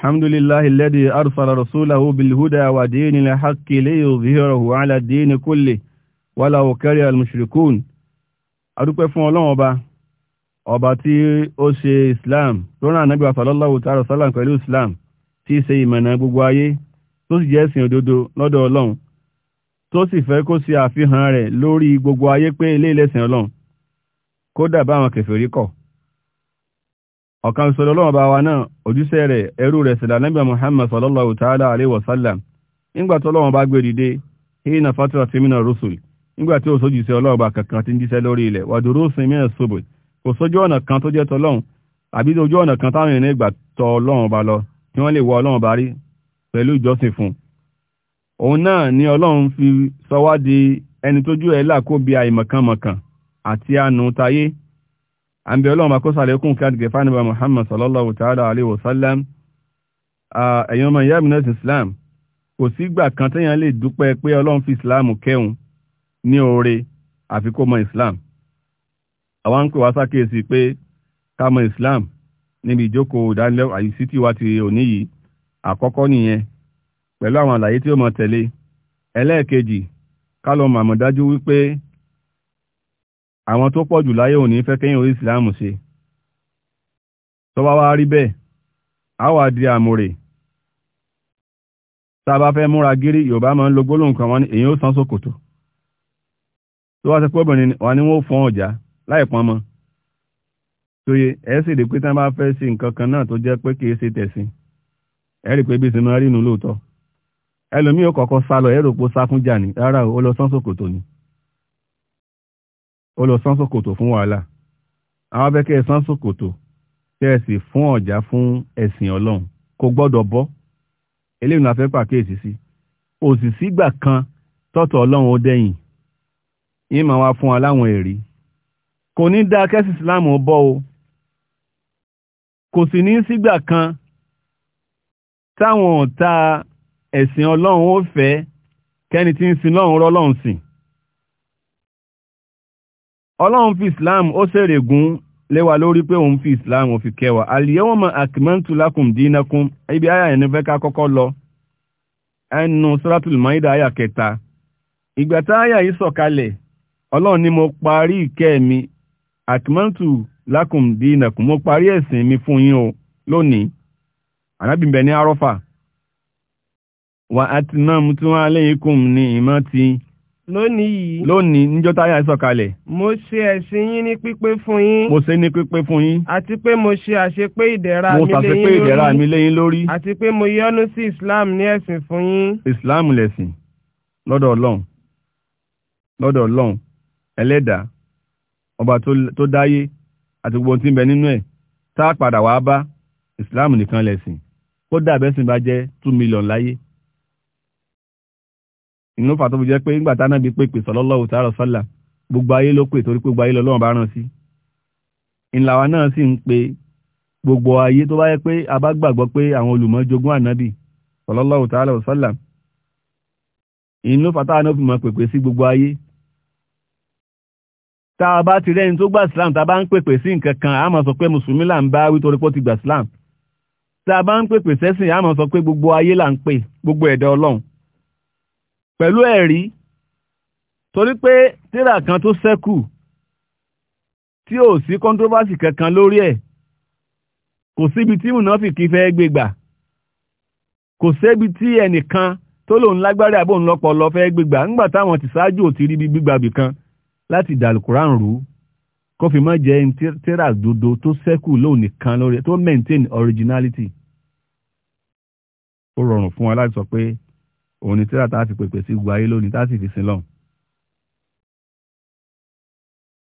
الحمد لله الذي أرسل رسوله بالهدى ودين الحق ليظهره على الدين كله ولو كره المشركون adúpẹ́ fún ọlọ́run ọba ọba tí ó ṣe islam tó rán ànábì sallallahu ta'ala sallam pẹ̀lú islam tí í ṣe ìmọ̀nà gbogbo ayé tó sì jẹ́ ẹ̀sìn òdodo lọ́dọ̀ ọlọ́run tó sì fẹ́ kó ṣe àfihàn rẹ̀ lórí gbogbo ayé pé ilé ìlẹ̀sìn ọlọ́run kódà báwọn kèfèrí kọ̀ ọ̀kan sọlọ́lọ́wọ́ bá wa náà ojúṣẹ́ rẹ̀ ẹrú rẹ̀ sílá nẹ́bẹ̀ Muhammad sallallahu ta'ala alaihi wasallam nígbà tó lọ́wọ́ bá gbé dìde hina fatra timina rusul nígbà tí ó sójúṣẹ́ ọlọ́ọ̀bá kankan ti ń jíṣẹ́ lórí ilẹ̀ wà dúró sin mí ẹ̀sọ́bù kò sójú ọ̀nà kan tó jẹ́ tọlọ́hun àbí ojú ọ̀nà kan táwọn ènìyàn gbà tọ ọlọ́run bá lọ tí wọ́n lè wọ ọlọ́run bá rí pẹ̀lú ìjọsìn fún òun náà ni ọlọ́run fi sọ wá di ẹni tójú ẹ̀ làkó bí àìmọ̀kànmọ̀kàn àti àánú tayé àbí ọlọ́run bá kó sàlékún kí àdìgẹ̀ fánibà Muhammad sallallahu ta'ala alaihi wasallam ẹ̀yin ọmọ ìyá ìmìnà Islam kò sígbà kan téèyàn lè dúpẹ́ pé ọlọ́run fi Islam kẹ́hùn ní oore àfi kó mọ Islam àwọn ń pè wá sákèsí pé ká mọ Islam níbi ìjókòó ìdánilẹ́wọ̀ àyíṣí tí wá ti òní yìí àkọ́kọ́ nìyẹn pẹ̀lú àwọn àlàyé tí ó mọ tẹ̀lé ẹlẹ́ẹ̀kejì ká lọ màmọ̀ dájú wípé àwọn tó pọ̀ jù láyé òní fẹ́ kẹ́yìn orí ìsìláàmù ṣe tó bá wá rí bẹ́ẹ̀ a wà di àmúrè tá a bá fẹ́ múra gírí yorùbá máa ń lo gbólóhùn kan wọn ni èyí ó san ṣòkòtò tó wá sọ pé obìnrin wa ni wọ́n fọ́n ọ̀já láì pọn mọ́ tó yẹ ẹ sì rí pé tí wọ́n bá fẹ́ ṣe nǹkan kan náà tó jẹ́ pé kì ṣe tẹ̀sìn ẹ rí pé bí sinmi rí inú lóòótọ́ ẹlòmíì ó kọ́kọ́ sá lọ ẹ rò pé ó sá fún jà ní rárá ó lọ san ṣòkòtò ni ó lọ sán sòkòtò fún wàhálà àwọn abẹ́kẹ́ sán sòkòtò tẹ́ ẹ sì fún ọ̀já fún ẹ̀sìn ọlọ́run kò gbọ́dọ̀ bọ́ eléyìí la fẹ́ pàkíyèsí sí òsìsígbà kan tọ́tọ̀ ọlọ́run ó dẹ́yìn yín máa wá fún wa láwọn ẹ̀rí kò ní dá kẹ́sì islam bọ́ o kò sì ní sígbà kan táwọn ọ̀tá ẹ̀sìn ọlọ́run ó fẹ́ kẹ́ni tí ń sin lọ́run rọ́lọ́run sìn ọlọ́run fi islam ó ṣèrègún léwa lórí pé òun fi islam ó fi kẹwàá al-yawma akmaltu lakum dinakum ibi àyà ẹni fẹ́ ká kọ́kọ́ lọ ẹnu suratul maida àyà kẹta ìgbà tá àyà yìí sọ̀kalẹ̀ ọlọ́run ni mo parí ìkẹ́ mi akmaltu lakum dinakum mo parí ẹ̀sìn mi fún yín o lónìí ànábìbẹ̀ ní arọ́fà wa atmamtu alaykum ni'mati lónìí yìí. lónìí níjọ́ táyà sọ̀kalẹ̀. mo ṣe ẹ̀sìn yín ní pípé fún yín. mo ṣe ní pípé fún yín. àti pé mo ṣe àṣepé ìdẹ̀ra mi léyìn lórí. mo ṣàṣepé ìdẹ̀ra mi léyìn lórí. àti pé mo yọ́nú sí islam ní ẹ̀sìn fún yín. islam lẹ̀sìn lọ́dọ̀ ọlọ́run lọ́dọ̀ ọlọ́run ẹlẹ́dàá ọba tó dáyé àti gbogbo tí ń bẹ nínú ẹ̀ tá a padà wàá bá islam nìkan lẹ̀sìn kódà bẹ́sìn bá jẹ́ two million láyé inú fà tó fi jẹ́ pé nígbà tá náà bí pé pè sallallahu ta'ala sallam gbogbo ayé ló pè torí pé gbogbo ayé lọ́lọ́run bá rán sí ńlá wa náà sì ń pe gbogbo ayé tó bá yẹ pé a bá gbàgbọ́ pé àwọn olùmọ́jogún ànábì sallallahu ta'ala sallam inú fà táwọn náà fi mọ̀ pèpè sí gbogbo ayé tá a bá ti rẹ́ni tó gbà islam tá a bá ń pèpè sí nǹkan kan a máa sọ pé mùsùlùmí là ń bá wí torí pé ó ti gbà islam tá a bá ń pèpè sẹ́sìn a máa sọ pé gbogbo ayé là ń pè gbogbo ẹ̀dá ọlọ́run pẹ̀lú ẹ̀rí torí pé tírà kan tó ṣẹ́kù tí ò sí kọ́ńtróbásì kankan lórí ẹ̀ kò síbi tí mùnáfìkì fẹ́ gbégbà kò sébi tí ẹnìkan tó lòun lágbára àbóhun lọ́pọ̀lọ́ fẹ́ gbégbà ńgbà táwọn ti ṣáájú ò ti rí bí gbígbàbì kan láti dàlùkùrán rú kó fi mọ́ jẹ́ tírà dodo tó ṣẹ́kù lóun nìkan lórí tó maintain originality ó rọrùn fún wa láti sọ pé òun ni tíra tá a fi pèpè sí gbogbo ayé lónìí tá a sì fi sin lọ́hùn.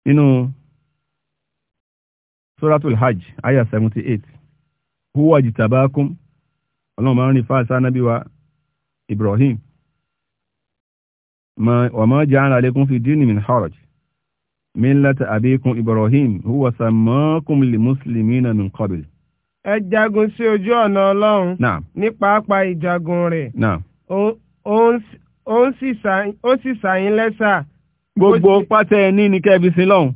nínú suratul hajj ayah seventy eight huwa jitabakum ọlọ́run máa ń rìn fáṣá nábí wa ibrahim wa ma ja'ala alaykum fi dini min haraj millata abikum ibrahim huwa sammakum li muslimina min qabl ẹ jagun sí ojú ọ̀nà ọlọ́run nípa apá ìjagun rẹ̀. Naam ó sì sàyín lẹ́sà. gbogbo pátá ẹni ní kẹ́ẹ̀bí sí lọ́hùn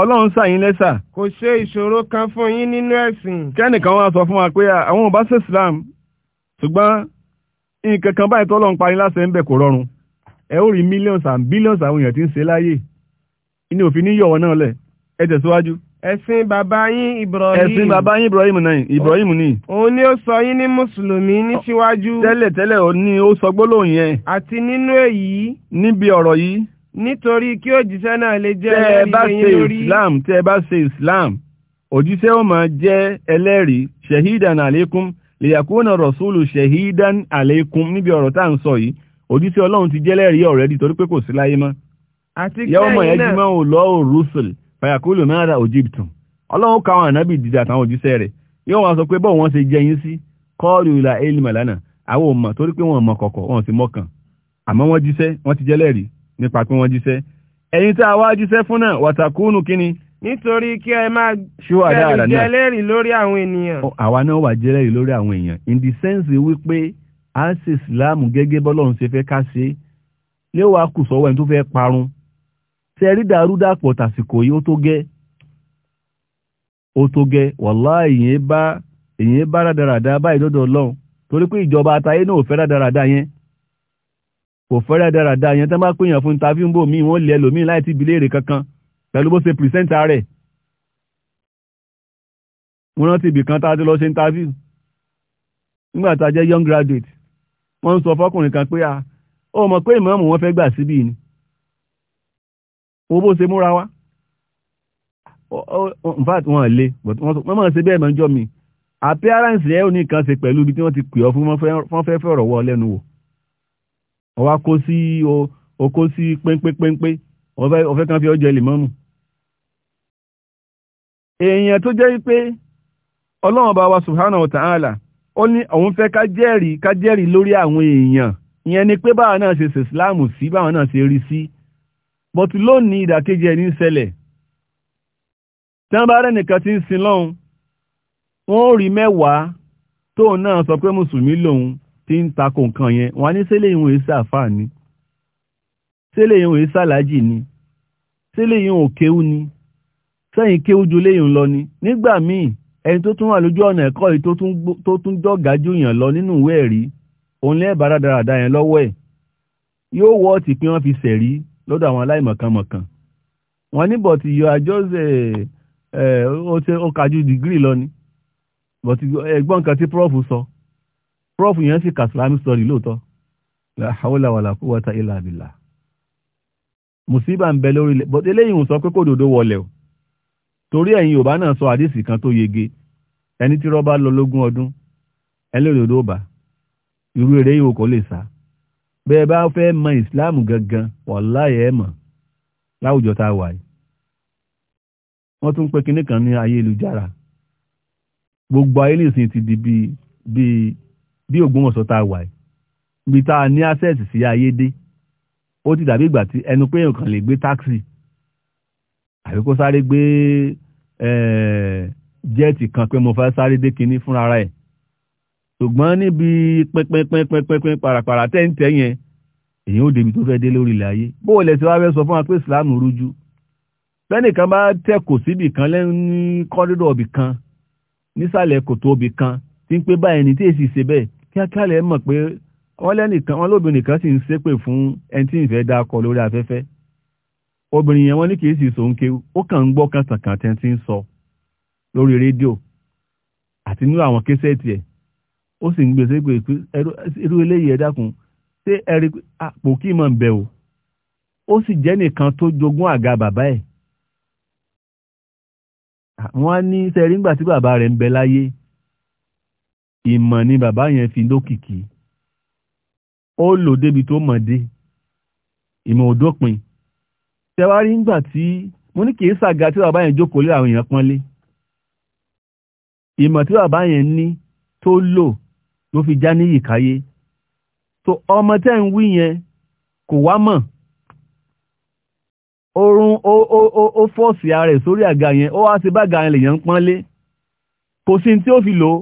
ọlọ́run sàyín lẹ́sà. kò ṣe ìṣòro kan fún yín nínú ẹ̀sìn. kẹ́nìkan wá sọ fún wa pé àwọn ò bá ṣe Islam ṣùgbọ́n nǹkan kan báyìí tọ́lọ́run parí láṣẹ ń bẹ̀ kò rọrùn ẹ ó rí millions and billions àwọn èèyàn tí ń ṣe láyè inú òfin níyọ̀wọ́ náà lẹ̀ ẹ tẹ̀síwájú. ẹ̀sìn bàbá yín ibrahim ẹ̀sìn bàbá yín ibrahim náà ibrahim ni. òun ni ó sọ yín ní mùsùlùmí ní tẹ́lẹ̀ tẹ́lẹ̀ ó ní ó sọ gbólóhùn yẹn. àti nínú èyí. níbi ọ̀rọ̀ yìí. nítorí kí òjíṣẹ́ náà lè jẹ́ ẹlẹ́rìí lórí. tẹ́ ẹ bá ṣe islam tẹ́ ẹ bá ṣe islam òjíṣẹ́ ó máa jẹ́ ẹlẹ́rìí shahidan aleikum lèyàkúnà rasulu ọ̀rọ̀ tá à ń sọ fàyàkúlù mẹ́rà òjìbìtàn ọlọ́run káwọn ànábì dìde àtàwọn òjíṣẹ́ rẹ̀ yóò wá sọ pé bọ́ wọ́n ṣe jẹyìn sí kọ́ọ̀lù ìlà elima lánà àwọn ò mọ̀ torí pé wọ́n mọ̀ kọ̀kọ̀ wọ́n sì mọ̀kàn àmọ́ wọ́n jíṣẹ́ wọ́n ti jẹ́lẹ̀rí nípa pé wọ́n jíṣẹ́ ẹ̀yin tá a wá jíṣẹ́ fún náà wàtàkùnù kíni. nítorí kí ẹ máa jẹ́lẹ̀rí lórí àwọn ènìyàn. àwa náà wà jẹ́lẹ̀rí lórí àwọn èèyàn in the sense wípé a ṣe ìsìlámù gẹ́gẹ́ bọ́lọ́run ṣe fẹ́ ká ṣe yóò wá kù sọ́wọ́ ẹni tó fẹ́ parun sẹ́rí dàrúdàpọ̀ tàsìkò yìí ó tó gẹ́ ó tó gẹ́ wàlá èyàn bá èyàn bá rádaràdá báyìí lọ́dọ̀ ọlọ́run torí pé ìjọba àtayé náà fẹ́ rádaràdá yẹn kò fẹ́ rádaràdá yẹn tán bá pèèyàn fún tàbí ń bò míì wọ́n kankan pẹ̀lú bó ṣe pìrìsẹ́ńtà rẹ̀ mo rántí ibì kan lọ ṣe interview nígbà tá young graduate wọ́n ń sọ fọ́kùnrin kan pé a ó mọ̀ pé ìmọ̀ọ́mù wọn fẹ́ gbà síbí wo bó ṣe múra wá in fact wọ́n lè wọ́n mọ̀ ṣe bẹ́ẹ̀ mọ́jọ́ mi appearance rẹ̀ ò ní kan ṣe pẹ̀lú ibi tí wọ́n ti pè ọ́ fún wọ́n fẹ́ fẹ́ ọ̀rọ̀ wọ́ lẹ́nu wò ó wá kó sí o kó sí péńpépéńpé ó fẹ́ kan fi ọjọ́ ilé mọ́mù èèyàn tó jẹ́ pé ọlọ́run bá wa subhanahu wa ta'ala ó ní òun fẹ́ ká jẹ́rìí ká jẹ́rìí lórí àwọn èèyàn ìyẹn ni pé báwọn náà ṣe ṣe sí báwọn náà ṣe rí sí But lónìí ìdàkejì ẹ̀ ní ṣẹlẹ̀ tí wọ́n bá rẹ̀ nìkan tí ń sin lọ́hun wọ́n rí mẹ́wàá tóun náà sọ pé mùsùlùmí lòun tí ń takò nǹkan yẹn wọ́n á ní sílé ìwọ̀n èsì àfáà ni sílé ìwọ̀n èsì àlájì ni sílé ìwọ̀n òkéwú ni sẹ́yìn kéwú ju léyìn lọ ni nígbà míì ẹni tó tún wà lójú ọ̀nà ẹ̀kọ́ yìí tó tún jọ̀gá jù yàn lọ nínú ìwé ẹ̀rí òun lẹ́ẹ̀bà dáradára yẹn lọ́wọ́ ẹ̀ yóò wọ́ ọ̀tì pé wọ́n fi sẹ̀rí lọ́dọ̀ àwọn aláìmọ̀kànmọ̀kàn wọ́n ní bọ̀tì yọ àjọṣe ó kájú dìgírì lọ ni bọ̀tì ẹ̀gbọ́n eh, nǹkan tí prof sọ prof yẹn sì kà islamic story lóòótọ́ hawla wala quwwata illa billah mùsíbà ń bẹ lórí ilẹ̀ bọ̀tì eléyìí ń sọ pé kò dòdó wọlé o torí ẹ̀yin yorùbá náà sọ àdìsí kan tó yege ẹni tí rọ́bà lọ lógún ọdún ẹlẹ́rìí òdòdó bá irú eré yìí kò lè sá bẹ́ẹ̀ bá fẹ́ mọ ìsìláàmù gangan wàláhì ẹ mọ̀ láwùjọ tá a wà yìí wọ́n tún pé kinní kan ní ayélujára gbogbo ayé nìsín ti di bíi bíi bí Ògbómọ̀ṣọ́ tá a wà yìí ibi tá a ní access sí ayé dé ó ti dàbí ìgbà tí ẹnu pé èèyàn kan lè gbé táxi àbí kó sáré gbé jẹ́ẹ̀tì kan pé mo fẹ́ sáré dé kinní fúnra rẹ̀ ṣùgbọ́n níbi pínpínpínpínpín parapara tẹ́ǹtẹ́ yẹn èyí ó débi tó fẹ́ dé lórí ilẹ̀ ayé bó o lẹ̀ sí wá fẹ́ sọ fún wa pé ìsìláàmù rújú fẹ́nìkan bá tẹ̀kọ̀ síbì kan lẹ́nu ní kọ́rídọ̀ ọ̀bì kan nísàlẹ̀ kòtò ọ̀bì kan tí ń pé báyìí ní tí èsì ṣe bẹ́ẹ̀ kíákíá lẹ́ mọ̀ pé wọ́n lẹ́nìkan wọ́n lóbìnrin kan sì ń ṣépè fún ẹni tí ìfẹ́ dá akọ lórí afẹ́fẹ́ obìnrin yẹn wọ́n ní kìí sì sòǹkè ó kàn ń gbọ́ kàtàkàtà tí ń sọ lórí rédíò àti nínú àwọn késẹ́ẹ̀tì ẹ̀ ó sì ń gbèsè pé irú eléyìí ẹ dákun ṣé ẹ̀rí àpò ah, kí mọ̀ ń bẹ̀ o ó sì jẹ́ nìkan tó jogún àga bàbá ẹ̀ wọ́n á ní sẹ́rí ńgbà tí bàbá rẹ̀ ń bẹ láyé ìmọ̀ ni bàbá yẹn fi lókìkí ó lò débi tó mọ̀ dé ìmọ̀ òdópin tẹwárí ńgbà tí mo ní kìí sàga tí bàbá yẹn jókòó lé àwọn èèyàn pọ́nlé ìmọ̀ tí bàbá yẹn ní tó lò ló fi já níyì káyé tó ọmọ tẹ́ ń wí yẹn kò wá mọ̀ oorun ó fọ́ọ̀sì ara ẹ̀ sórí àga yẹn ó wá sí bága yẹn lèyàn ń pọ́nlé kò sí tí ó fi lò ó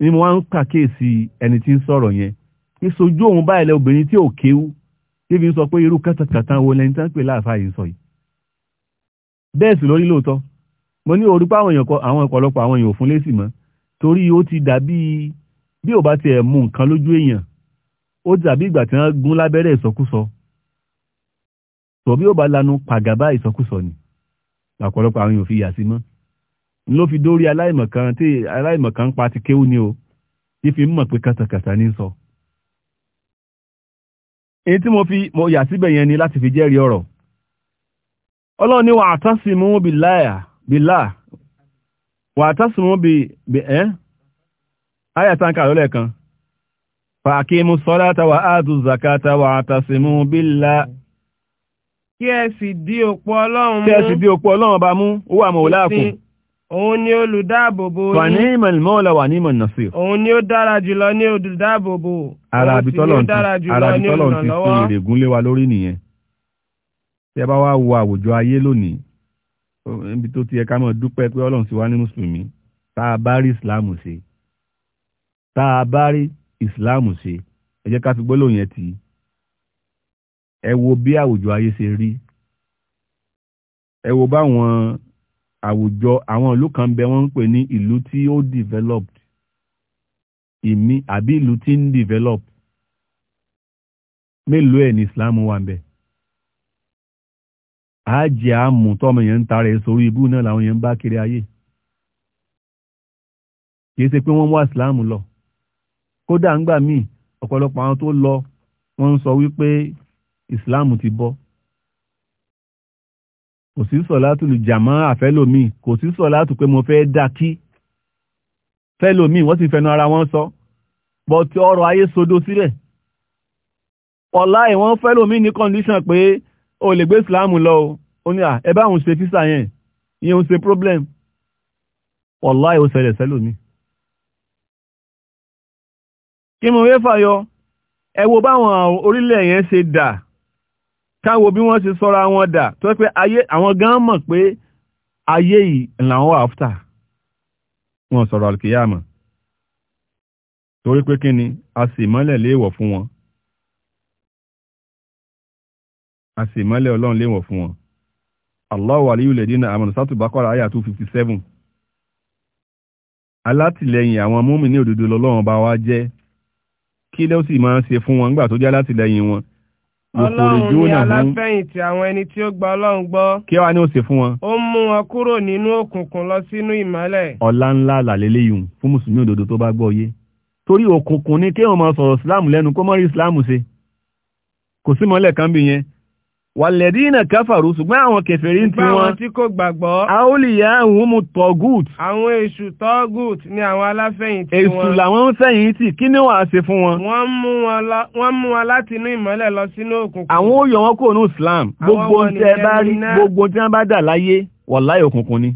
ni mo wá ń kàkíyèsí ẹni tí ń sọ̀rọ̀ yẹn ìṣojú òun báyìí lẹ obìnrin tí ò kéwú débi ń sọ pé irú kátàkátà wo lẹni tí wọ́n pè láàfáà yìí sọ yìí bẹ́ẹ̀ sì lórí lóòótọ́ mo ní orúkọ àwọn ọ̀pọ̀lọpọ̀ àwọn èèyàn ò fún lésì mọ́ torí ó ti dàbí bí ò bá tiẹ̀ mú nǹkan lójú èèyàn ó ti dàbí ìgbà tí wọ́n gún lábẹ́rẹ́ ìsọkúsọ tọ́ bí ò bá lanu pàgàbá ìsọkúsọ ni làpọ̀lọpọ̀ àwọn èèyàn fi yà sí mọ́ ló fi dórí aláìmọ̀kan tí aláìmọ̀kan pa ti kéwú ni o tí fi mọ̀ pé kàtàkàtà ní sọ èyí tí mo fi mo yà síbẹ̀ yẹn ni láti fi jẹ́rìí ọ̀rọ̀ ọlọ́run ní wà á mú bìláà wà tásùmú bí ẹ́ ayàtànkà lọ́lẹ̀ kan fàkímú sọ́látà wà áàdù zakata wà àtàsìmú bílá kí ẹ sì dí òpó ọlọ́run bá mú ó wà mọ̀ láàkùn òun ni olùdáàbòbò yìí wà ní ìmọ̀ ìmọ̀ọ́lá wà ní ìmọ̀ ìnàsí òun ni ó dára jùlọ ní olùdáàbòbò ara àbítọ́lọ̀ ti fi èrè wa lórí nìyẹn tẹ́ bá wá wo àwùjọ ayé lónìí ibi tó ti yẹ ká mọ̀ dúpẹ́ pé ọlọ́run ti wá ní mùsùlùmí tá a bá rí ìsìláàmù ṣe tá a bá rí ìsìláàmù ṣe ẹ jẹ́ ká fi gbólóhùn yẹn tì í ẹ wo bí àwùjọ ayé ṣe rí ẹ wo báwọn àwùjọ àwọn ìlú kan bẹ wọ́n ń pè ní ìlú tí ó developed ìmí àbí ìlú tí ń develop mélòó ẹ̀ ní ìsìláàmù wà ń àájẹ àmù tọ́mọ yẹn ń tara ẹ̀ sórí ibú náà làwọn yẹn ń bá kiri ayé kìí ṣe pé wọ́n wá ìsìláàmù lọ kódà ńgbà míì ọ̀pọ̀lọpọ̀ àwọn tó lọ wọ́n ń sọ wípé ìsìláàmù ti bọ́ kò sí sọ̀látù jàmọ́ àfẹ́lòmíì kò sí sọ̀látù pé mo fẹ́ dá kí fẹ́lòmíì wọ́n sì fẹnu ara wọn sọ bọ́tí ọrọ̀ ayé sodo sílẹ̀ ọ̀la ìwọ̀n fẹ́lòmíì ní kọ́ndíṣàn pé o lè gbé islam lọ o ó ní à ẹ bá òun ṣe físà yẹn ìyẹn òun ṣe problem wàláì ó ṣẹlẹ̀ sẹ́lòmí kí mo wé fàyọ ẹ wo báwọn orílẹ̀ yẹn ṣe dà káwo bí wọ́n ṣe sọ́ra wọn dà tó pé ayé àwọn gan mọ̀ pé ayé yìí làwọn wà áfítà wọn sọ̀rọ̀ àlùkìyàmọ̀ torí pé kí ni a sì mọ́lẹ̀ léèwọ̀ fún wọn a sì mọ́lẹ̀ ọlọ́run léwọ̀ fún wọn. Allahu waliyu ladina amanu sátù Baqara àyà 257. alátìlẹ́yìn àwọn múmi ní òdodo lọ́lọ́run bá wá jẹ́ kí ló sì máa ń ṣe fún wọn nígbà tó jẹ́ alátìlẹ́yìn wọn. Ọlọ́run ní aláfẹ̀yìntì àwọn ẹni tí ó gba Ọlọ́run gbọ́. Kí wá ní ó ṣe fún wọn? Ó mú wọn kúrò nínú òkùnkùn lọ sínú ìmọ́lẹ̀. Ọlá ńlá làlélẹ́yìn fún Mùsùlùmí òdodo tó bá gbọ́ yé. Torí òkùnkùn ni kéèyàn máa sọ̀rọ̀ Ìsìláàmù lẹ́nu kó mọ́ rí Ìsìláàmù ṣe. Kò sí mọ́lẹ̀ kan bí yẹn wàlẹ̀dínà káfàrú ṣùgbọ́n àwọn kèfèrí tí wọ́n àwọn tí kò gbàgbọ́ àólìyà àwọn mú tọ́gùt àwọn èṣù tọ́gùt ni àwọn aláfẹ̀yìntì wọn èṣù làwọn ń fẹ̀yìntì kí ni wàá ṣe fún wọn. wọ́n mú wọn láti inú ìmọ́lẹ̀ lọ sínú òkùnkùn. àwọn ó yọ wọn kúrò ní Islam gbogbo tí ẹ bá rí gbogbo tí wọ́n bá dà láyé wàláyé òkùnkùn ni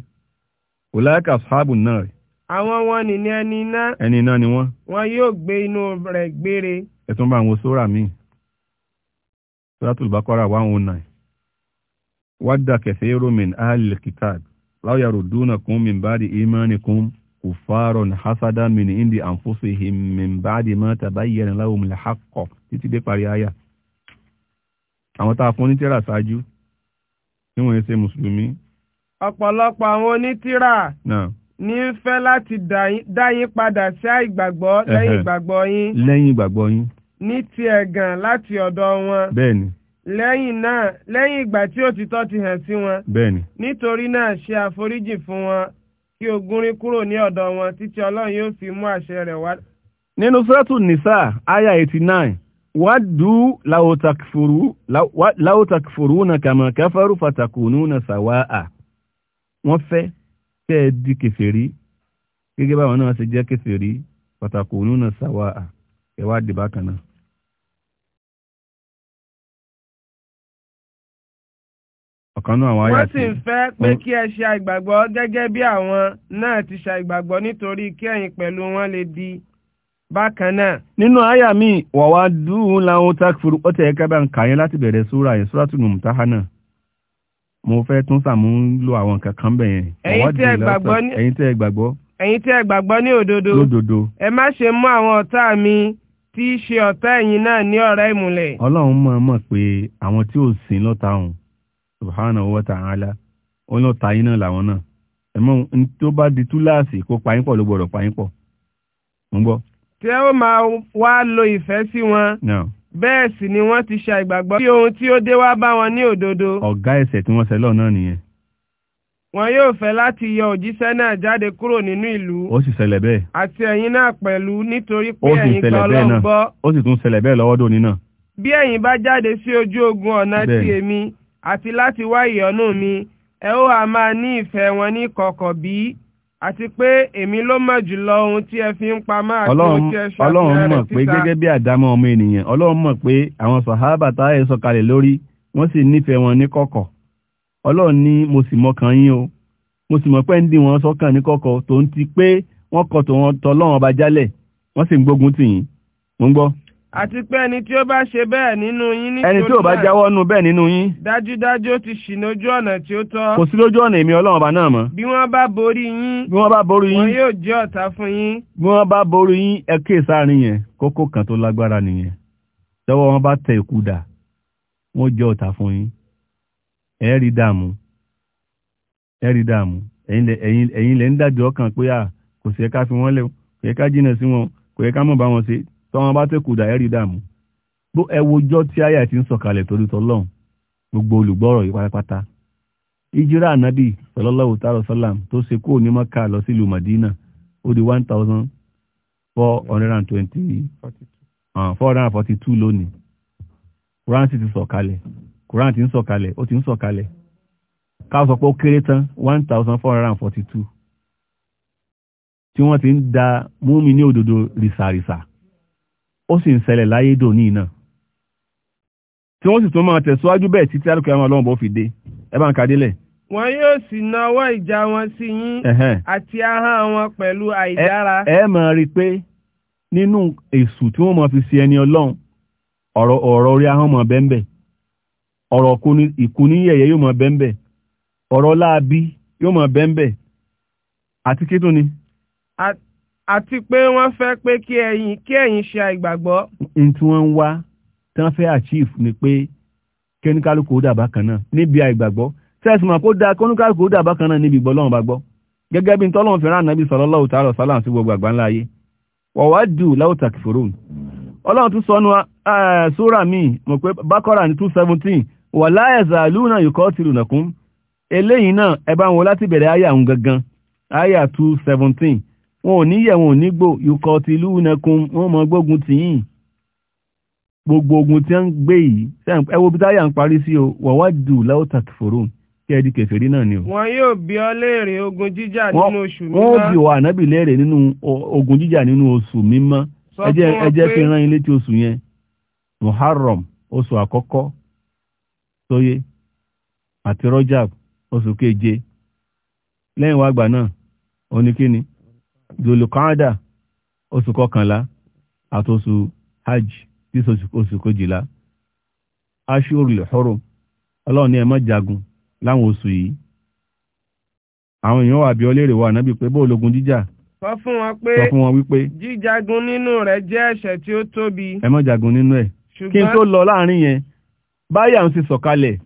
kò láyàkà sáàbù náà rẹ̀. àwọn wọn nì ní ẹni iná ẹni iná ni wọ́n. wọn yóò gbé inú rẹ̀ gbére. ẹ tún bá àwọn sóra míì suratul bakara 109 wadda kathiru min ahli alkitab law yarudunakum min ba'di imanikum kuffaran hasadan min indi anfusihim min ba'di ma tabayyana lahum alhaqq títí dé parí aya àwọn tá fún ní tírà ṣáájú tí wọ́n ṣe mùsùlùmí ọ̀pọ̀lọpọ̀ àwọn onítírà náà ní ń fẹ́ láti dá yín padà sí àìgbàgbọ́ lẹ́yìn ìgbàgbọ́ yín lẹ́yìn ìgbàgbọ́ yín ní tiẹ̀ gan láti ọ̀dọ̀ wọn. bẹ́ẹ̀ni. lẹ́yìn náà lẹ́yìn ìgbà tí òtítọ́ ti hàn sí wọn. bẹ́ẹ̀ni. nítorí náà ṣe àforíjì fún wọn kí ogun rí kúrò ní ọ̀dọ̀ wọn títí ọlọ́run yóò fi mú àṣẹ rẹ̀ wá. nínú sọ́tù nìsà aya eighty nine wàdú láwùtàkìfòrú na kàmà káfàrú fàtàkùnú na sàwáà wọ́n fẹ́ kẹ́ ẹ di kèfèrí gẹ́gẹ́ báwọn náà ṣe jẹ́ kèfèrí fàtàkùnú na sàwáà ẹ wá dìbà kan náà. ọ̀kan náà àwọn àyà tí. wọ́n sì ń fẹ́ pé kí ẹ ṣe àìgbàgbọ́ gẹ́gẹ́ bí àwọn náà ti ṣàìgbàgbọ́ nítorí kí ẹ̀yin pẹ̀lú wọn lè di bákan náà. nínú àyà mi wà wá dùn láwọn takfuru ó tẹ̀ ẹ́ká bá ń kà yẹn láti bẹ̀rẹ̀ sóra yẹn sóra tùnú mùtáhà náà mo fẹ́ tún sàmúlò àwọn nǹkan kan bẹ̀ yẹn. ẹ̀yin tí ẹ gbàgbọ́ ẹ̀yin tí ẹ gbàgbọ́. ní òdodo. lódodo. ẹ má ṣe mú àwọn ọ̀tá mi tí í ṣe ọ̀tá ẹ̀yin náà ní ọ̀rẹ́ ìmùlẹ̀. ọlọ́run mọ̀ mọ̀ pé àwọn tí ò sìn lọ́ta òun subhanahu wa ta'ala ọlọ́ta yín náà làwọn náà ẹ̀mọ́ tó bá di túláàsì kó payín pọ̀ ló gbọ́dọ̀ payín pọ̀ ń gbọ́. tí ó máa wá lo ìfẹ́ sí wọn bẹ́ẹ̀ sì ni wọ́n ti ṣe ìgbàgbọ́ sí ohun tí ó dé wá bá wọn ní òdodo. ọ̀gá ẹ̀ṣẹ̀ tí wọ́n ṣe lọ́ọ̀ náà nìyẹn. wọn yóò fẹ́ láti yọ òjíṣẹ́ náà jáde kúrò nínú ìlú. ó sì ṣẹlẹ̀ bẹ́ẹ̀. àti ẹ̀yin náà pẹ̀lú nítorí pé ẹ̀yin gbọ́ Ọlọ́run gbọ́. ó sì tún ṣẹlẹ̀ bẹ́ẹ̀ lọ́wọ́dọ̀ nínà. bí ẹ̀yin bá jáde sí ojú ogun ọ̀nà tí èmi àti láti wá ìyọ́nú mi ẹ ó a máa ní ìfẹ́ wọn ní kọ̀kọ̀ bí àti pé èmi ló mọ̀ jùlọ ohun tí ẹ fi ń pamọ́ àti ohun tí ẹ ṣe àfihàn rẹ̀ síta. ọlọ́run mọ̀ pé gẹ́gẹ́ bí àdámọ́ ọmọ ènìyàn ọlọ́run mọ̀ pé àwọn sàhábà táyà ẹ sọ̀kalẹ̀ lórí wọ́n sì nífẹ̀ẹ́ wọn ní kọ̀kọ̀ ọlọ́run ní mo sì mọkàn yín o mo sì mọ̀ pé ń dì wọ́n sọ́kàn ní kọ̀kọ̀ tó ń ti pé wọ́n kọ̀ tó wọn tọ́ ọlọ́run ọba jálẹ̀ wọ́n sì ń gbógun tì yín mo ń gbọ́ àti pé ẹni tí ó bá ṣe bẹ́ẹ̀ nínú yín nítorí náà ẹni tí ò bá jáwọ́ nù bẹ́ẹ̀ nínú yín dájúdájú ó ti ṣì lójú ọ̀nà tí ó tọ́ kò sí lójú ọ̀nà èmi ọlọ́run ọba náà mọ́ bí wọ́n bá borí yín bí wọ́n bá borí yín wọn yóò jẹ́ ọ̀tá fún yín bí wọ́n bá borí yín ẹ ké sáàrin yẹn kókó kan tó lágbára nìyẹn tọ́wọ́ wọn bá tẹ ìkú dà wọ́n jẹ́ ọ̀tá fún yín ẹ rí dààmú ẹ rí dààmú ẹ̀yin lẹ ń dájọ́ kan pé à kò sí ẹ ká fi wọ́n lẹ̀ kò yẹ ká jìnnà sí wọn kò yẹ ká mọ̀ bá wọn ṣe tọ́wọ́n bá tẹ́kù dà ẹ́rí dàmú bó ẹ tí àyà ti ń sọ̀kalẹ̀ torí gbogbo olùgbọ́rọ̀ yìí pátápátá ìjírà ànábì sallallahu ta'ala sallam tó ṣe ní maka lọ Madina ó di one thousand four hundred and ah, forty two lónìí Quran ti sọ̀kalẹ̀ tí wọ́n ti da múmi ní òdodo rìsàrìsà ó sì ń ṣẹlẹ̀ láyé dòní náà tí wọ́n sì tún máa tẹ̀síwájú bẹ́ẹ̀ títí àdúgbò àwọn ọlọ́run bó fi dé ẹ bá ń ka délẹ̀. wọn yóò sì nawọ́ ìjà wọn sí yín àti ahọ́n wọn pẹ̀lú àìdára. ẹ máa rí i pé nínú èṣù tí máa fi ṣe ẹni ọlọ́run oro ọ̀rọ̀ orí ahọ́n máa bẹ́ńbẹ̀ ọ̀rọ̀ ìkúnníyẹ̀yẹ yóò máa bẹ́ńbẹ̀ ọ̀rọ̀ láabi yóò máa àti kí tún àti pé wọ́n fẹ́ pé kí ẹ̀yin kí ẹ̀yin ṣe àìgbàgbọ́. n tí wọ́n ń wá tí wọ́n fẹ́ achieve ni pé kí oníkálukú ó dàbá kan náà níbi àìgbàgbọ́ sẹ́ẹ̀sì mọ̀ kó da kí oníkálukú ó dàbá kan náà níbi ìgbọ́lọ́run bá gbọ́ gẹ́gẹ́ bí tọ́lọ́run fi rán ànábì sallallahu ta'ala sálàm sí gbogbo àgbáńlá ayé wa waddu law takfurun ọlọ́run tún sọnù súrà míì mọ̀ pé bákọ́rà ní two wọn ò ní yẹ̀ wọn ò ní gbò ikọ̀ ti ìlú nẹkun wọn mọ gbógun gbogbo ogun tí ń gbé yìí ẹ wo bí táyà ń parí sí o wọ̀wá dù láwọ́ kí ẹdí náà ni o. wọn yóò bí ọ léèrè ogun jíjà nínú oṣù mímọ́. wọn nínú ogun nínú oṣù mímọ́ ẹ jẹ́ fi rán yín létí oṣù yẹn muharram oṣù àkọ́kọ́ tóyé àti rojab zolukada oṣù kọkànlá àtòṣù hajj tí oṣù kejìlá ashurul hurum ọlọ́run ní ẹ jagun láwọn oṣù yìí àwọn èèyàn wà bí ọlẹ́rẹ̀ wà náà bí pé bóòlógún jíjà sọ fún wọn pé sọ fún wọn wípé jíjagun nínú rẹ̀ jẹ́ ẹ̀ṣẹ̀ tí ó tóbi ẹ jagun nínú ẹ̀ kí n tó lọ láàrin yẹn báyà ń sì sọ̀kalẹ̀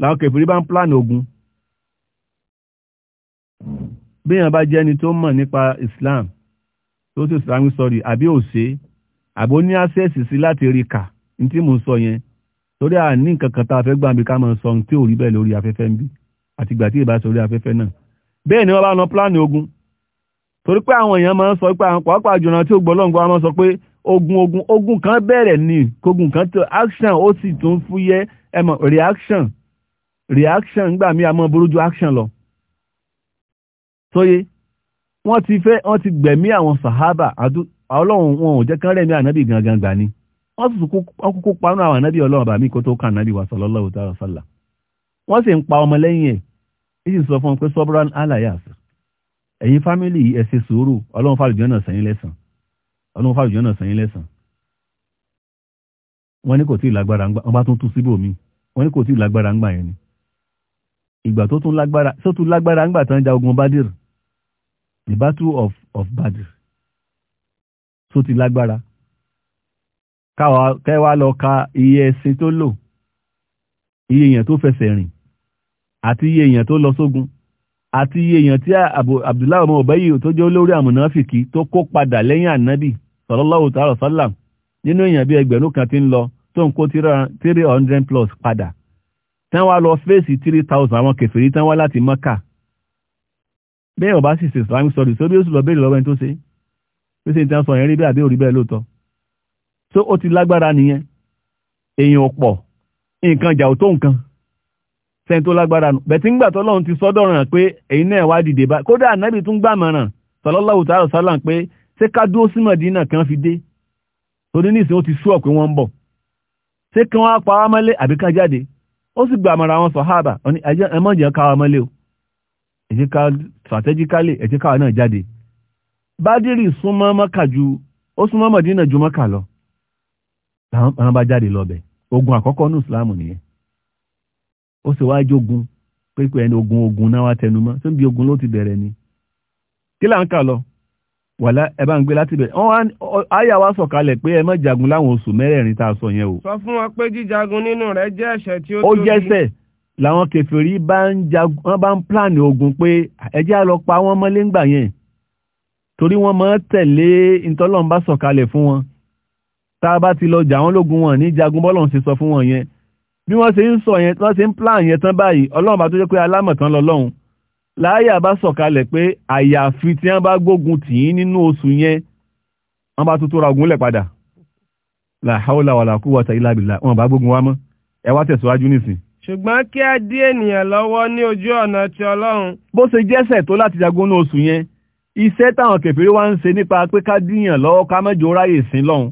làwọn kẹfìrí bá ń pláàni ogun béèyàn bá jẹ́ ẹni tó mọ̀ nípa Islam tó sì Islamic study àbí òṣè àbó ní access sí láti rí kà ní tí mò ń sọ yẹn torí à ní nǹkan kan tá a fẹ́ gbàmí ká máa sọ ohun tí ò rí bẹ́ẹ̀ lórí afẹ́fẹ́ ń bí àtìgbà tí ìbá sórí afẹ́fẹ́ náà bẹ́ẹ̀ ni wọ́n bá lọ pláàni ogun torí pé àwọn èèyàn máa ń sọ pé àwọn pàápàá jùlọ tí ó gbọ́ lọ́ngbọ́n máa sọ pé ogun ogun ogun kan bẹ̀rẹ̀ ni kogun kan tó action ó sì tún fúyẹ́ ẹmọ reaction reaction gbà mí àmọ́ burú ju action lọ sóyé wọ́n ti fẹ́ wọ́n ti gbẹ̀mí àwọn sàhábà ọlọ́run wọn ò jẹ́ kán rẹ̀mí ànábì gangan gbà ni wọ́n sì kúkú panú àwọn ànábì ọlọ́run bàmí kó tó kàn ànábì wa sallallahu ta'ala sallam wọ́n sì ń pa ọmọ lẹ́yìn ẹ̀ èyí sọ fún un pé sobran alayas ẹ̀yin fámìlì yìí ẹ ṣe sùúrù ọlọ́run fàlùjọ́ náà sẹ́yìn lẹ́sàn ọlọ́run fàlùjọ́ náà sẹ́yìn lẹ́sàn wọ́n ní kò tí ì lágbára ńgbà wọ́n bá tún tú síbò míì wọ́n ní kò tí ì lágbára ńgbà yẹn ni ìgbà tó tún lágbára tó tún lágbára ńgbà tán ja ogun Badr the battle of of Badr so ti lágbára kẹwa lọ ka iye ẹṣin tó lò iye èèyàn tó fẹsẹ̀ rìn àti iye èèyàn tó lọ sógun àti iye èèyàn tí Abdullahi ọmọ ọ̀bẹ́yì tó jẹ́ olórí àmùnáfìkì tó kó padà lẹ́yìn ànábì sallallahu ta'ala sallam nínú èèyàn bí ẹgbẹ̀rún kan ti ń lọ tó ń kó three hundred plus padà tán wá lọ fèsì three thousand àwọn kèfèrí tán wá láti Mọ́kà bẹ́ẹ̀ ọba sì ṣe islamic studies ó bí ó lọ béèrè lọ́wọ́ ẹni tó ṣe pé ṣe tí sọ yẹn rí so ó ti lágbára nìyẹn èèyàn pọ̀ nǹkan jà ò tó nǹkan sẹ́ni tó lágbára nù bẹ̀tí ń gbà tó lọ́run pé èyí náà wá bá kódà ànábì tún pé ṣé ká dúró kan fi dé torí ó ti sú ọ̀pẹ wọn bọ̀ ṣé kí wọ́n á pa wá mọ́lé jáde ó sì ẹ̀tíká strategically ẹ̀tíká náà jáde bádìrì súnmọ́ mọ́kà ju ó súnmọ́ mọ̀dínà ju mọ́kà lọ làwọn bá jáde lọ́bẹ̀ ogun àkọ́kọ́ ní ìsìláàmù nìyẹn ó sì wá jogun pépé ẹni ogun ogun náà wá tẹnumọ́ tó ń ogun ló ti bẹ̀rẹ̀ ni kí là ń kà lọ wàlá ẹ bá ń gbé láti bẹ̀rẹ̀ wọ́n àyà wa sọ̀kalẹ̀ pé ẹ má jagun láwọn oṣù mẹ́rẹ̀ẹ̀rin tá a sọ yẹn o. sọ fún wọn pé jíjagun nínú rẹ̀ jẹ́ ẹ̀ṣẹ̀ tí ó tóbi. ó jẹ́ṣẹ̀ làwọn kèfèrí bá ń jagun wọ́n bá ń plan ogun pé ẹjẹ́ á lọ pa wọ́n mọ́lé ńgbà yẹn torí wọ́n máa tẹ̀lé ìtọ́lọ́n bá sọ̀kalẹ̀ fún wọn tá a bá ti lọ jà wọ́n lógun wọn ní jagun bọ́lọ̀ ṣe sọ fún wọn yẹn bí wọ́n ṣe ń sọ yẹn wọ́n ṣe ń plan yẹn tán báyìí ọlọ́run bá tó jẹ́ pé alámọ̀tán lọ́lọ́run láyà bá sọ̀kalẹ̀ pé àyàfi tí wọ́n bá gbógun tì í nínú oṣù yẹn wọ́n bá tuntun ra ogun lẹ̀ padà làhàólà wàlàkúwọ̀ta ìlàbìlà wọn bá gbógun wá mọ́ ẹ wá tẹ̀síwájú nísìnyí ṣùgbọ́n kí a dí ènìyàn lọ́wọ́ ní ojú ọ̀nà ti ọlọ́run. bó ṣe jẹ́sẹ̀ tó láti jagun ní oṣù yẹn iṣẹ́ táwọn kẹfìrí wá ń ṣe nípa pé ká díyàn lọ́wọ́ ká mẹ́jọ ráyè sí lọ́hùn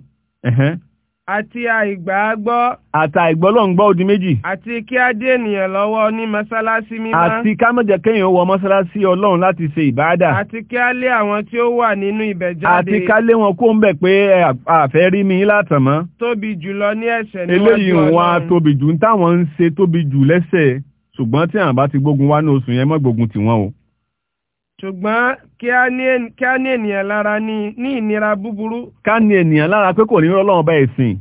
àti àìgbàgbọ́. àti àìgbọ́lọ́ngbọ́ odi méjì. àti kí á dé ènìyàn lọ́wọ́ ní mọ́sálásí mímọ́. àti ká má jẹ́ kéèyàn wọ mọ́sálásí ọlọ́run láti ṣe ìbáàdà. àti kí á lé àwọn tí ó wà nínú ibẹ̀ jáde. àti ká lé wọn kó ń bẹ̀ pé àfẹ́ rí mi látàn mọ́. tóbi jùlọ ní ẹ̀ṣẹ̀ níwájú ọlọ́run. eléyìí wọn a tóbi jù táwọn ń ṣe tóbi jù lẹ́sẹ̀ ṣùgbọ́n tí àwọn bá ti gbógun wá ní oṣù yẹn mọ́ gbógun tiwọn o ṣùgbọ́n kí a ní ènìyàn lára ní ìnira búburú. ká ní ènìyàn lára pé kò ní Ọlọ́run bá ẹ̀sìn.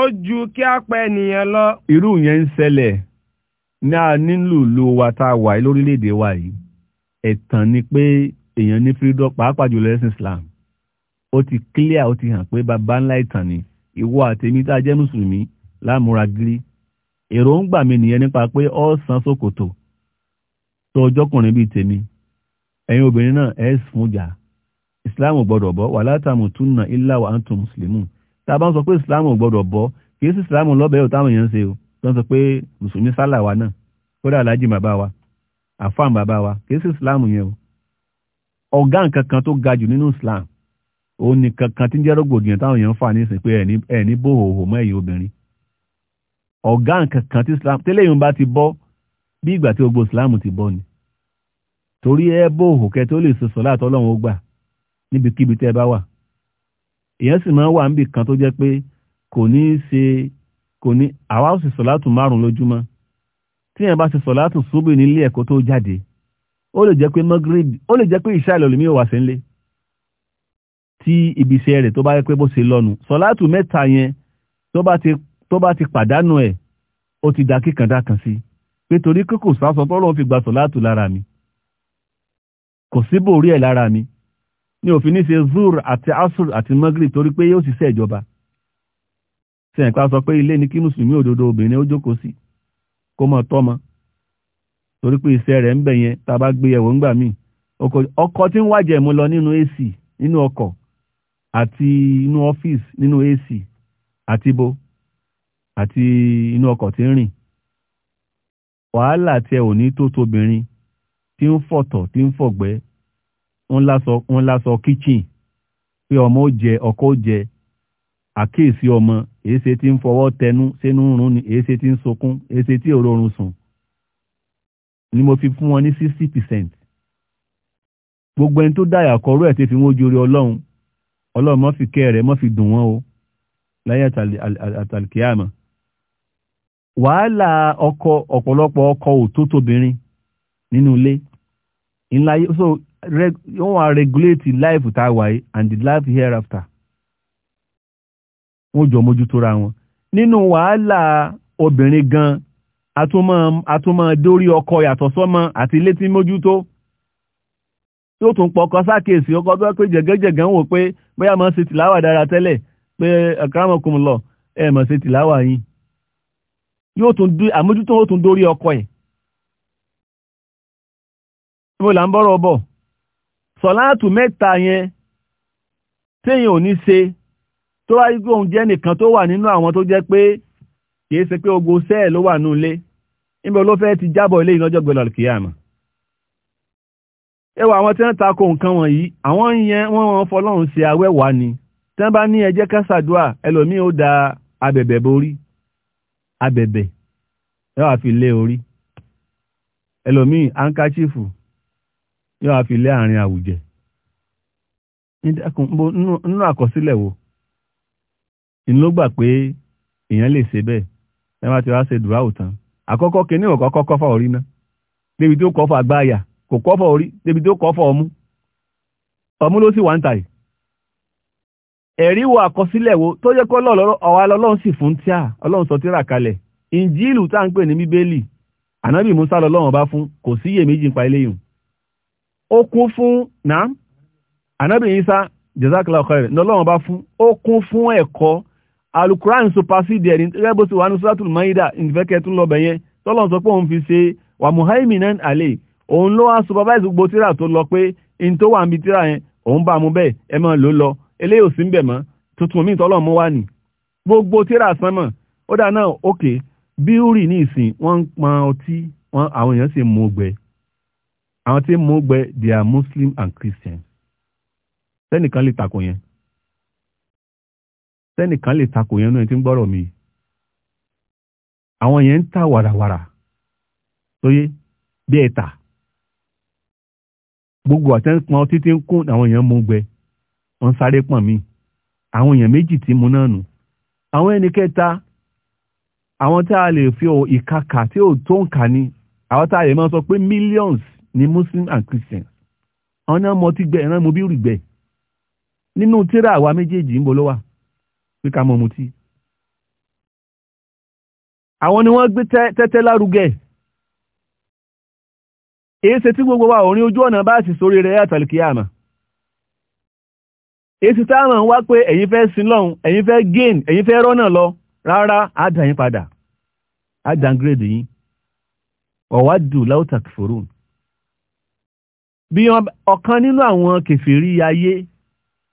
ó ju kí a pa ènìyàn lọ. irú yẹn ń ṣẹlẹ̀ ní a nílùú ìlú wa tá a wà lórílẹ̀‐èdè wa yìí ẹ̀tàn ni pé èèyàn ní freedom pàápàá jùlọ ẹ̀sìn Islam ó ti clear ó ti hàn pé baba ńlá ìtàn ni ìwọ àtẹ̀mí tá a jẹ́ mùsùlùmí lámúra gírí èròǹgbà mi nìyẹn nípa pé ó san ṣòkòtò ẹ̀yin obìnrin náà ẹ̀ sùn jà ìsìláàmù gbọ́dọ̀ bọ́ wà látàmù túnà ilá wa antum muslimun tá a bá ń sọ pé ìsìláàmù gbọ́dọ̀ bọ́ kì í sí ìsìláàmù lọ́bẹ̀ẹ́ ò táwọn èèyàn ń ṣe o tó ń sọ pé mùsùlùmí sálà wa náà kódà aláàjì bàbá wa àfáàn bàbá wa kì sí ìsìláàmù yẹn o ọ̀gá nǹkan tó ga jù nínú ìsìláàmù òun ni kankan tí ń jẹ́ rògbòdìyàn táwọn èèyàn ń fà nísìn pé ẹ̀ní bòhòhò mọ́ ẹ̀yìn obìnrin ọ̀gá nǹkan tí islam tẹ́lẹ̀ yìí bá ti bọ́ bí ìgbà tí gbogbo islam ti bọ́ ni torí ẹ bó òhò kẹ tó lè so sọ láàtọ́ ọlọ́run ó gbà níbikíbi tẹ́ ẹ bá wà èèyàn sì máa ń wà níbì kan tó jẹ́ pé kò ní í ṣe kò ní àwa ó sì sọ látùn márùn lójúmọ́ tí èèyàn bá ti sọ látùn súbì nílé ẹ̀kọ́ tó jáde ó lè jẹ́ pé magrib ó lè jẹ́ pé ìṣá ìlọ̀lùmí ò sí nílé tí ibi rẹ̀ tó bá yẹ pé bó ṣe lọ́nu sọ mẹ́ta yẹn tó bá ti pàdánù ẹ̀ ó ti dá kíkàndá kan sí pé torí kíkù sásọ tọ́lọ́ fi gbà sọ lára mi kò sí bòrí ẹ̀ lára mi ní òfin ní ṣe zur àti asur àti magrib torí pé yóò ṣiṣẹ́ ìjọba sẹ̀ǹpá sọ pé ilé ní kí mùsùlùmí òdodo obìnrin ó jókòó sí kó mọ̀ tọ́mọ torí pé iṣẹ́ rẹ̀ ń bẹ̀ yẹn tá a bá gbé ẹ̀wọ̀ ńgbà míì ọkọ̀ tí ń wájẹ̀ mú lọ nínú AC nínú ọkọ̀ àti inú ọ́fíìsì nínú AC àti ibo àti inú ọkọ̀ tí ń rìn wàhálà tí ẹ ò ní tó tóbìnrin tí ń fọ̀tọ̀ tí ń fọ̀gbẹ́ ń lásọ kíchìn pé ọmọ ó jẹ ọkọ ó jẹ àkíyèsí ọmọ èéṣe tí ń fọwọ́ tẹnu sínú rún ni èéṣe tí ń sọkún èéṣe tí òrórun sùn ni mo fi fún wọn ní sixty percent gbogbo ẹni tó dáyà kọrú ẹ̀ tí fi wọ́n jórí ọlọ́run ọlọ́run mọ́ fi kẹ́ rẹ̀ mọ́ fi dùn wọ́n o láyé àtàlìkíyàmọ̀ wàhálà ọkọ ọ̀pọ̀lọpọ̀ ọkọ òtótóbìnrin nínú ilé ńlá so you wá regulate life tá a and the life hereafter wọ́n jọ mójútó ra wọn nínú wàhálà obìnrin gan atúmọ̀ dórí ọkọ yàtọ̀ sọ́mọ àti ilé tí mójútó tó tún pọkọ sákèsì ọkọ tó pé jẹ̀gẹ́jẹ̀gẹ́ ń wò pé bóyá mọ̀ sí tìláwà dára tẹ́lẹ̀ pé ẹ̀káràmọ̀kùn lọ ẹ̀ mọ̀ sí tìláwà yìí yóò tún àmójútó ó tún dórí ọkọ ẹ̀ mo là ń bọ́rọ̀ bọ̀ sọ̀láàtù mẹ́ta yẹn téèyàn ò ní ṣe tó wáyé pé òun jẹ́ nìkan tó wà nínú àwọn tó jẹ́ pé kìí ṣe pé ogo sẹ́ẹ̀ ló wà nílé níbo ló fẹ́ ti jábọ̀ ilé ìlọ́jọ́ gbẹ̀lọ̀ kìíyàmà ẹ wà àwọn tí wọ́n tako nǹkan wọ̀nyí àwọn yẹn wọ́n wọn fọlọ́run ṣe awẹ́wàá ni tí wọ́n bá ní ẹ jẹ́ ká ó da abẹ̀bẹ̀ borí abẹ̀bẹ̀ ẹ wà fi lé orí ẹlòmíín ankachifu yóò wá fi lé àárín àwùjẹ nínú àkọsílẹ̀ wo inú ló gbà pé èèyàn lè ṣe bẹ́ẹ̀ ẹ má ti wá ṣe dùrá òtán àkọ́kọ́ kìíní ọ̀kọ́ kọ́kọ́ fà orí náà débi tó kọ́fà gbáàyà kò kọ́fà orí débi tó kọ́fà ọmú ọmú ló sì wá ń wo àkọsílẹ̀ wo tó yẹ fún tíà ọlọ́run sọ tíra kalẹ̀ tá à ń pè musa lọ́lọ́run ọba fún kò sí iyèméjì ó kún fún náà ànábì Isa jezakala ọkọrẹ lọ́lọ́wọ́n bá fún ó kún fún ẹ̀kọ́ alukuran supersede ẹni gẹ́gẹ́ bó ti wà ní suratul maida ìfẹ́kẹ́ tún lọ bẹ̀yẹn tọ́lọ́n sọ pé òun fi ṣe wà muhaiminan alẹ́ òun ló wá supervise gbogbo tíra tó lọ pé in tó wà níbi tíra yẹn òun bá mú bẹ́ẹ̀ ẹ mọ́ ló lọ eléyìí ò sí ń bẹ̀ mọ́ tuntun míì tọ́lọ́n mú wá nì gbogbo tíra sánmọ̀ ó dà náà ókè bíúrì ní ìsìn wọ́n pọn ọtí àwọn èèyàn sì mú gbẹ̀ẹ́ àwọn tí mú gbẹ they are muslim and christian sẹ́nìkan lè takò yẹn sẹ́nìkan lè takò yẹn náà tí ń gbọ́rọ̀ mi àwọn yẹn ń ta wàràwàrà tóyé bí ẹ̀ta gbogbo àtẹ́ǹpọn títí ń kún àwọn èèyàn mú gbẹ wọ́n sáré pọ̀n mí àwọn èèyàn méjì tí mú náà nù àwọn ẹni kẹta àwọn tá a lè fi ìkakà tí ò tó ń kà ní àwọn tá a lè máa sọ pé millions ni muslim and christian àwọn náà mọ tí gbẹ ẹran mo bí rì gbẹ nínú tíra àwa méjèèjì ń bọ̀ lọ́wọ́ pé ká mọ mutí. àwọn ni wọ́n gbé tẹ́tẹ́ lárugẹ èyí ṣe tí gbogbo wa òrin ojú ọ̀nà bá sì sórí rẹ̀ àtàlùkì àmà èsì táwọn ń wá pé ẹ̀yin fẹ́ sin lọ́hùn ẹ̀yin fẹ́ gain ẹ̀yin fẹ́ rọ́nà lọ rárá á dà yín padà á downgrade yín ọ̀wá dù láwùtà kìfòrún bí ọ̀kan nínú àwọn kèfèrí ayé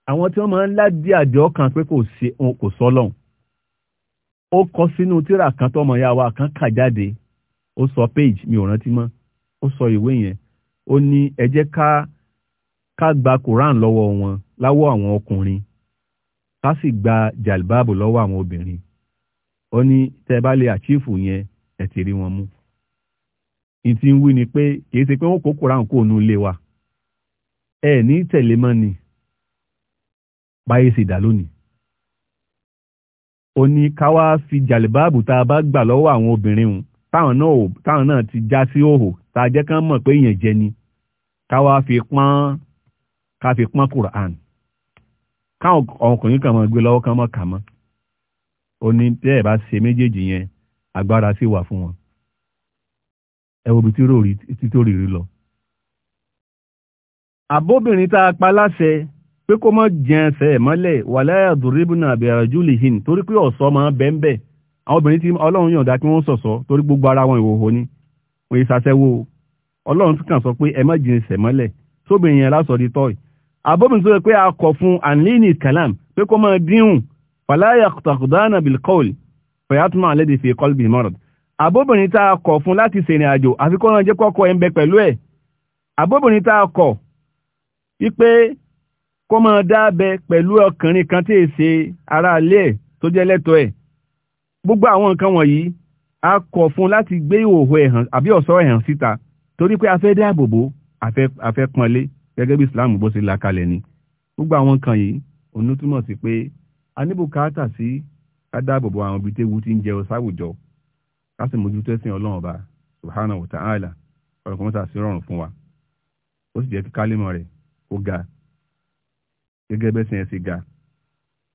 àwọn tí wọ́n máa ń ládí àdé ọkàn pé kò sọ́lọ́hun ó kọ sínú tírà kan tọmọ ya wa kan kà jáde ó sọ page mi ò rántí mọ́ ó sọ ìwé yẹn ó ní ẹ jẹ́ ká ká gba Quran lọ́wọ́ wọn láwọ́ àwọn ọkùnrin ká sì gba jalbaabu lọ́wọ́ àwọn obìnrin ó ní tẹ́ bá lè àchífù yẹn ẹ̀ ti rí wọn mú ní ti ń wí ni pé kìí ṣe pé wọ́n kó kóran kó nu ilé wa ẹ ní tẹ̀lé mọ́ ni báyé sì dà lónìí ó ní ká wá fi jàlìbáàbù tá a bá gbà lọ́wọ́ àwọn obìnrin hùn táwọn náà táwọn náà ti já sí òhò tá a jẹ́ kán mọ̀ pé èèyàn jẹ ni ká wá fi pọ́n ká fi pọ́n kùrán káwọn ọkùnrin kan mọ̀ gbé lọ́wọ́ kan mọ̀ kà mọ́ ó ní tẹ́ ẹ̀ bá ṣe méjèèjì yẹn agbára sì wà fún wọn ẹ wo ibi tí tó rí rí lọ. àbóbìnrin tá a pa láṣẹ pé kó mọ́ jẹun ẹsẹ̀ ẹ̀ mọ́lẹ̀ wà láyà dùrìbùnà àbẹ̀rẹ̀jú lè hìn torí pé ọ̀sọ́ máa bẹ́ẹ̀ bẹ́ẹ̀ àwọn obìnrin tí ọlọ́run yọ̀ǹda kí wọ́n sọ̀sọ́ torí gbogbo ara wọn ìhòhò ni wọ́n yìí ṣàṣẹ́wó ọlọ́run tún kàn sọ pé ẹ má jìn ẹsẹ̀ mọ́lẹ̀ tóbìnrin yẹn lásọ̀ di tọ́ì abóbìnrin tó yẹ pé a kọ̀ abóbìnrin tá a kọ̀ fún láti ṣèrìn àjò àfi kó ránjẹ́ kọ́kọ́ ẹ̀ ń bẹ pẹ̀lú ẹ̀ abóbìnrin tá a kọ̀ wípé kó máa dábẹ pẹ̀lú ọkùnrin kan tí èsè aráalé ẹ̀ tó jẹ́ lẹ́tọ̀ọ́ ẹ̀ gbogbo àwọn nǹkan wọ̀nyí a kọ̀ fún láti gbé ìhòòhò ẹ̀ hàn àbí ọ̀ṣọ́ ẹ̀ hàn síta torí pé a fẹ́ dáàbò bò a fẹ́ pọ́nlé gẹ́gẹ́ bí Islam bó ṣe là kalẹ̀ ni gbogbo àwọn nǹkan yìí òun túmọ̀ sí pé a níbùkátà sí ká dáàbò àwọn ibi téwu ti ń jẹ ọ̀sáwùjọ ká sì mójú tẹ́sìn ọlọ́run ọba subhanahu wa ta'ala ọlọ́kọ̀ mọ́ta sí rọrùn fún wa ó sì jẹ́ kí kálímọ̀ rẹ̀ ó ga gẹ́gẹ́ bẹ́sìn ẹ̀ sì ga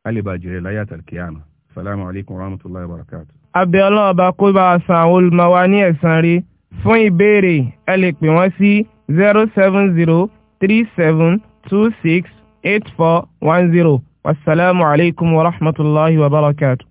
kálíbà jẹ̀rẹ̀ láyé àtàlùkìyàmù salamu alaykum wa rahmatulahi wa barakatu. abẹ́ ọlọ́run ọba kó bá a san àwọn olùmọ̀ ní ẹ̀san rí fún ìbéèrè ẹ lè pè wọ́n sí zero seven zero three seven two six eight four one zero wasalaamu alaykum wa rahmatulahi wa barakatu.